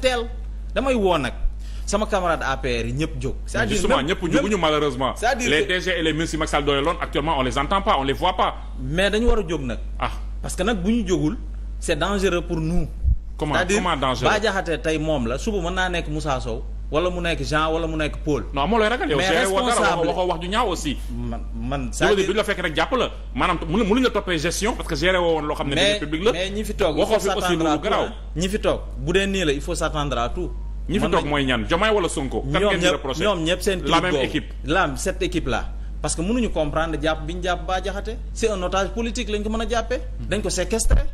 teel damay woo nag sama camarade APR yi ñëpp jóg. c'est-à-dire justement ñëpp jóguñu malheureusement. c'est-à-dire les DG et les ministres yi Macky Sall doole loon actuellement on les entend pas on les voit pas. mais dañu war a jóg nag. Ah. parce que nag bu ñu jógul c'est dangereux pour nous. comment comment dangereux cest à tey moom la suba mën naa nekk Moussa Sow. wala mu nekk Jean wala mu nekk Paul. non moo lay ragal yow. mais responsable waxoo wax ju ñaaw aussi. man man saa duñ la fekk rek jàpp la maanaam mënuñ la toppee gestion woon loo xam ne. mais mais ñi fi toog bu dee nii la il faut s'attendre tout. ñi fi toog mooy ñaan Diomaye wala Sonko. kan ngeen seen. la même équipe la cette équipe là. parce que mënuñu comprendre jàpp bi ñu jàpp baa jaxate c'est un otage politique lañ ko mën a jàppee. dañ ko séquestrer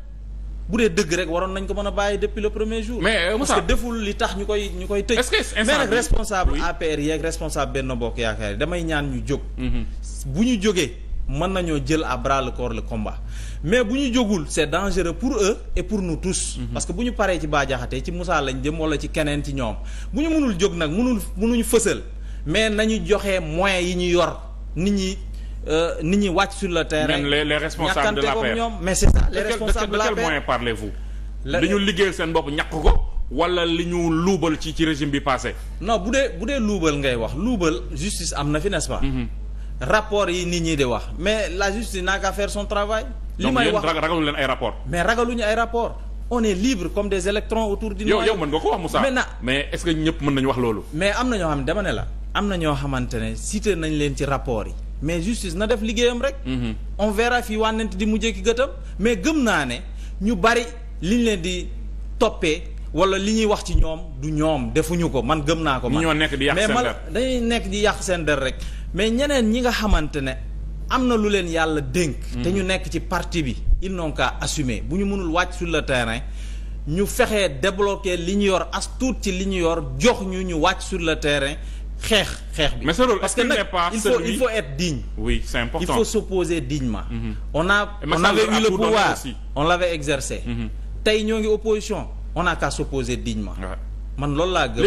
bu dee dëgg rek waroon nañ ko mën a bàyyi depuis le premier jour. mais euh, parce deful li tax ñu koy ñu koy tëj. mais nag responsable APR yeeg responsable Benno Bokk Yaakaar yi damay ñaan ñu jóg. Mhm. bu ñu jógee mën nañoo jël à bras le combat mais bu ñu jógul c'est dangereux pour eux et pour nous tous. Mhm. parce que bu ñu paree ci baajaxate ci Moussa lañ jëm wala ci keneen ci ñoom bu ñu mënul jóg nag mënul mënuñu fësal mais nañu joxe moyens yi ñu yor nit ñi. Euh, nit ñi wàcc sur le terrain. même les les responsables ñoom mais c'est ça les responsables de l'APR de quel moyen parlez-vous. li ñu liggéeyal seen bopp ñàkk ko. wala li ñu luubal ci ci régime bi passé. non bu dee bu dee luubal ngay wax luubal justice am na fi nest mm-hmm. rapport yi nit ñi di wax mais la justice n'a qu'à faire son travail. li may wax ragalu leen ay rapport mais ragaluñu ay rapport on libre comme des électrons autour du. yow yow mën nga ko wax Moussa mais est-ce mën nañu wax loolu. mais am na xam ne dama la am na ñoo xamante ne cité nañ leen ci rapport yi. mais justice na def liggéeyam rek. Mhm. on verra fii wànnent di mujjee ki gëtam mais gëm naa ne ñu bari liñ leen di toppee wala li ñuy wax ci ñoom du ñoom defuñu ko man gëm naa ko. man ñoo nekk di yàq seen der dañuy nekk di yàq seen der rek mais ñeneen ñi nga xamante ne. am na lu leen yàlla dénk. Mhm. te ñu nekk ci parti bi. ils n'ont assumer bu ñu mënul wàcc sur le terrain ñu fexe débloquer li ñu yor as tuut ci li ñu yor jox ñu ñu wàcc sur le terrain xeex xeex bi. mais parce que nag il faut il faut être digne. il faut s'opposer dignement. Mm on a on avait eu le pouvoir on l'avait exercé. Mm-hmm. tey ñoo ngi opposition on a qu'à s'opposer dignement. man loolu laa gëm.